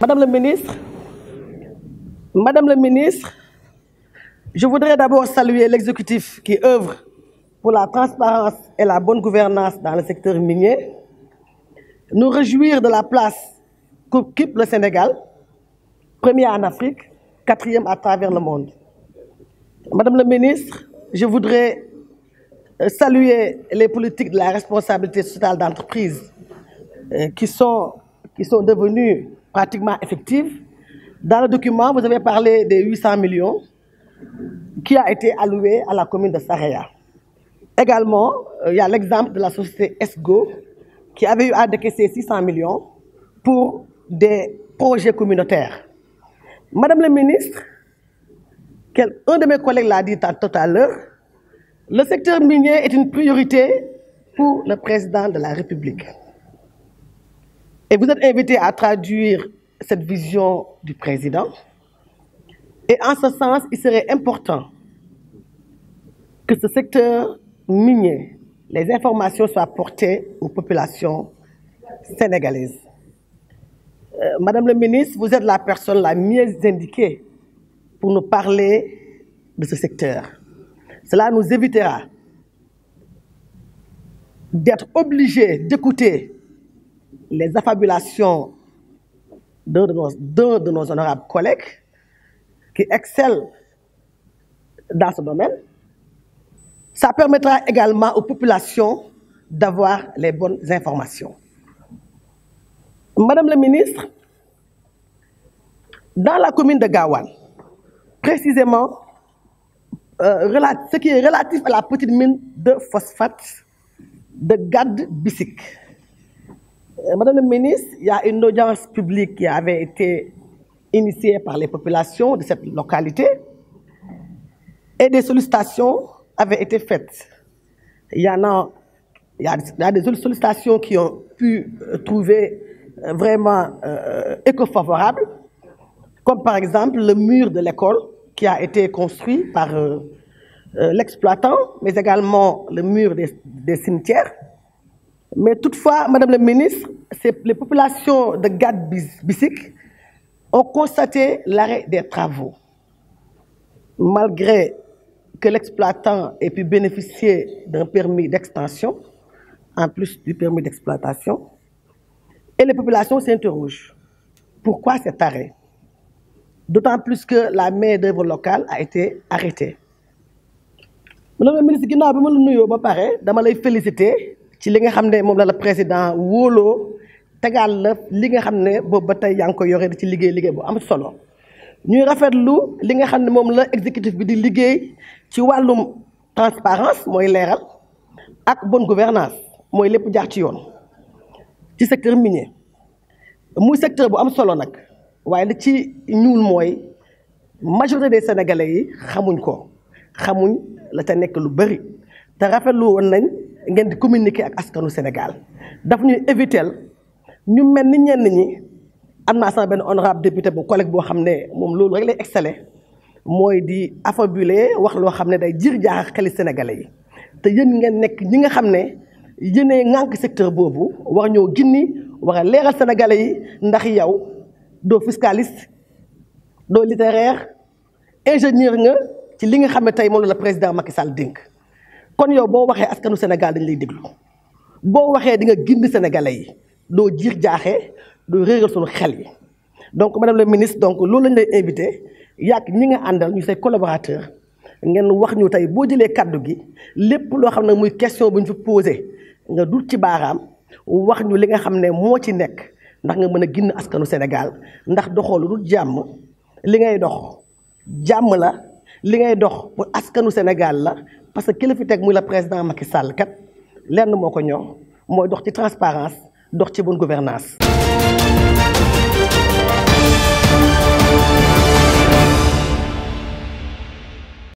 Madame la ministre, Madame la ministre, je voudrais d'abord saluer l'exécutif qui œuvre pour la transparence et la bonne gouvernance dans le secteur minier, nous réjouir de la place qu'occupe le Sénégal, premier en Afrique, quatrième à travers le monde. Madame la ministre, je voudrais euh, saluer les politiques de la responsabilité sociale d'entreprise euh, qui sont, qui sont devenues pratiquement effective. Dans le document, vous avez parlé des 800 millions qui a été alloué à la commune de Saraya. Également, euh, il y a l'exemple de la société ESGO qui avait eu à décaisser 600 millions pour des projets communautaires. Madame la ministre, un de mes collègues l'a dit tout à l'heure, le secteur minier est une priorité pour le président de la République. Et vous êtes invité à traduire cette vision du président. Et en ce sens, il serait important que ce secteur minier, les informations soient portées aux populations sénégalaises. Euh, Madame le ministre, vous êtes la personne la mieux indiquée pour nous parler de ce secteur. Cela nous évitera d'être obligés d'écouter les affabulations de, nos, de nos honorables collègues qui excellent dans ce domaine. Ça permettra également aux populations d'avoir les bonnes informations. Madame la ministre, dans la commune de Gawan, précisément euh, ce qui est relatif à la petite mine de phosphate de Gad Bissik, euh, Madame la ministre, il y a une audience publique qui avait été initiée par les populations de cette localité et des sollicitations avaient été faites. Il y a, des sollicitations qui ont pu euh, trouver euh, vraiment euh, éco-favorables, comme par exemple le mur de l'école qui a été construit par l'exploitant, mais également le mur des cimetières. Mais toutefois, Madame la Ministre, les populations de Gad Bissik ont constaté l'arrêt des travaux. Malgré que l'exploitant ait pu bénéficier d'un permis d'extension, en plus du permis d'exploitation, et les populations s'interrogent. Pourquoi cet arrêt D'autant plus que la main-d'œuvre locale a été arrêtée. Madame la ministre, je vous félicite. ci li nga xam ne moom la la président wóoloo tegaal la li nga xam ne boobu ba tey yaa ngi koy yore ci liggéey liggéey boo am solo ñuy rafetlu li nga xam ne moom la exécutif bi di liggéey ci wàllum transparence mooy leeral ak bon gouvernance mooy lépp jaar ci yoon ci secteur minier muy secteur bu am solo nag waaye la ci ñuul mooy majorité de sénégalais yi xamuñ ko xamuñ la ca nekk lu bëri te rafetlu woon nañ ngeen di communiquer ak askanu Sénégal daf ñuy éviter ñu mel ni ñenn ñi am na sama benn honorable député bu collègue boo xam ne moom loolu rek lay exceller mooy di affabuler wax loo xam ne day jir jaaxal xeli sénégalais yi te yéen ngeen nekk ñi nga xam ne yéenee ŋànk secteur boobu war ñoo ginni war a leeral sénégalais yi ndax yow doo fiscaliste doo littéraire ingénieur nga ci li nga xam ne tey moom la président Macky Sall dénk kon yow boo waxee askanu Sénégal dañ lay déglu boo waxee di nga gindi sénégalais yi doo jiir jaaxe doo réeral suñu xel yi donc ma madame la ministre donc loolu lañ lay invité yàgg ñi nga àndal ñu say collaborateur ngeen wax ñu tey boo jëlee kàddu gi lépp loo xam ne muy question bu ñu fi posé nga dul ci baaraam wax ñu li nga xam ne moo ci nekk ndax nga mën a ginn askanu Sénégal ndax doxoo lu dul jàmm li ngay dox jàmm la li ngay dox pour askanu Sénégal la parce que ki la fi la président Macky Sall kat lenn moko ko moy dox ci transparence dox ci bonne gouvernance